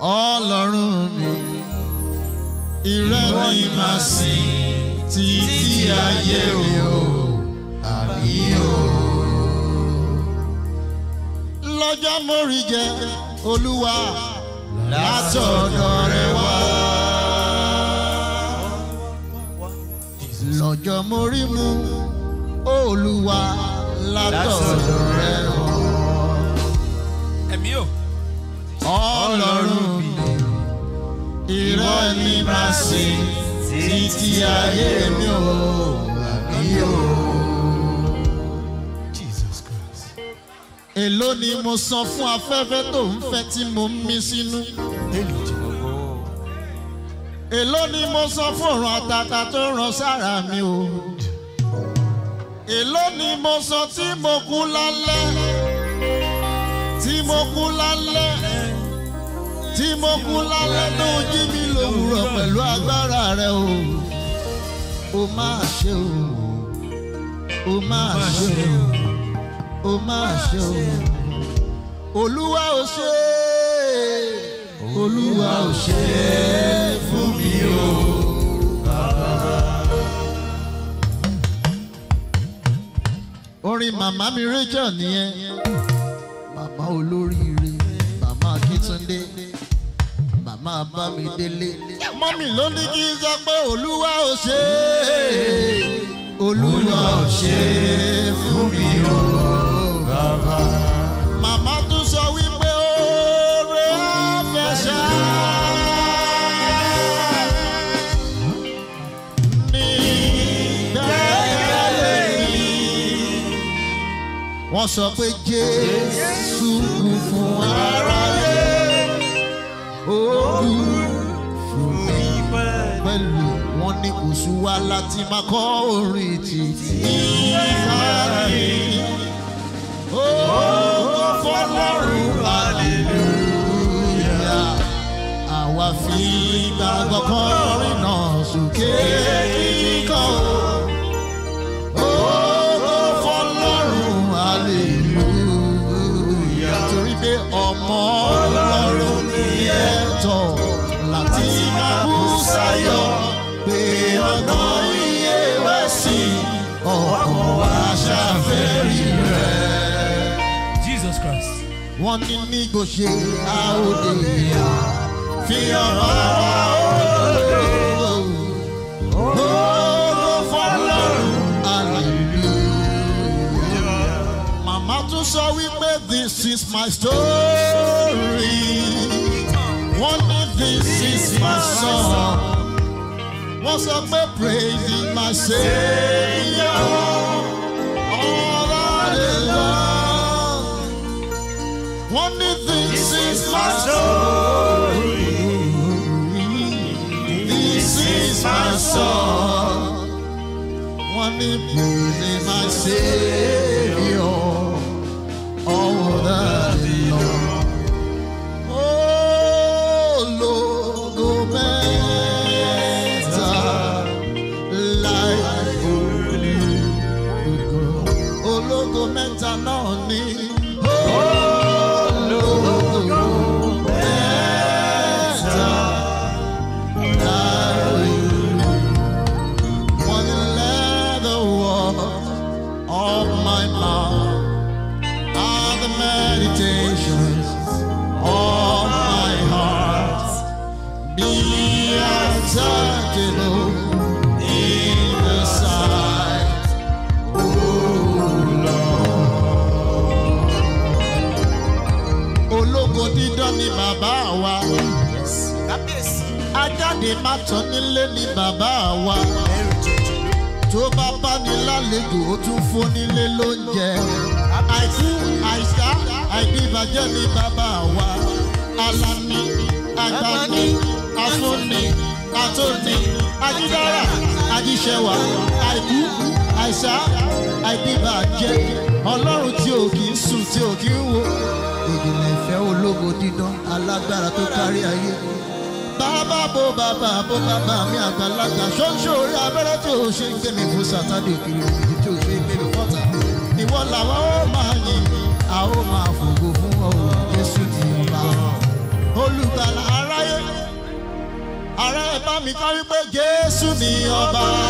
ọlọ́run mi ìrẹ́ mi máa sìn títí ayé o àbí o. lọ́jọ́ mórí jẹ olúwa látọ̀dọ̀ rẹ wá. lọ́jọ́ mórí mu olúwa látọ̀dọ̀ rẹ wá. ẹ̀mí o ọlọ́run bí irọ́ ní máa ṣe títí ayé mi ò àbí o. Jesus Christ. èló ni mo san fún afẹ́fẹ́ tó ń fẹ́ tí mo ń mí sínú. èló jẹ́ èló ni mo san fún òrùn àtàtà tó ràn sára mi o èló ni mo san tí mo kú lálẹ́ tí mo kú lálẹ́ tí mo kú lálẹ́ tó jí mi lòwúrọ̀ pẹ̀lú agbára rẹ o o máa ṣe o o máa ṣe o o máa ṣe o olúwa ò ṣe olúwa ò ṣe fún mi o bàbá. orin màmá mi Rachel nìyẹn màmá olóríire màmá Akíntúndé màmá Bámidélé. mọ́mì ló ní kí n sọ ose, olúwa ò ṣe é olúwa ò ṣe é fún mi o bàbá. màmá tún sọ wípé wọ́n sọ pé jésù kú fún ara òru fún mi pẹ̀lú wọn ní oṣù wa láti máa kọ orin ti ìsáyé ògo fọlọ́run hallelujah àwa fi gbàgbọ́ kọ orin náà sókè kíkọ́ ògo fọlọ́run hallelujah torí pé ọmọ. wọ́n ní nígbò ṣe àòdè fi ọ̀rọ̀ òde ògo fọlọ́run àlèlè. Màmá tún sọ wípé this is my story. Wọ́n ní this is my song. Wọ́n sọ pé praise my saviour. One of this is my story. This is my song. One is my Savior. All that is Oh, Lord, life for you. Oh, Lord, no need. jáde má tán nílé ni bàbá wa. tó bá bá ní lálejò ó tún fún nílé lóúnjẹ. àìkú àìsá àìdíbàjẹ́ ni bàbá wa. alani agbani afúnni àtòní ajídára ajíṣẹwà àìkú àìsá àìbíbàjẹ́ ọlọ́run tí ò kì í sùn tí ò kì í wo ìdìmọ̀ ìfẹ́ ológo dídán alágbára tó kárí ayé bàbá bo bàbá bo bàbá mi àgbàlagbà ṣóńṣó orí abẹ́rẹ́ tí ò ṣe ń gbé mi fún sátádé òkèèrè òkèèrè tí ò ṣe ń gbé mi fọ́tà ìwọ làwọn ó máa yìn àwọn ó máa fògo fún. mi ká wípé Jésù ni ọba.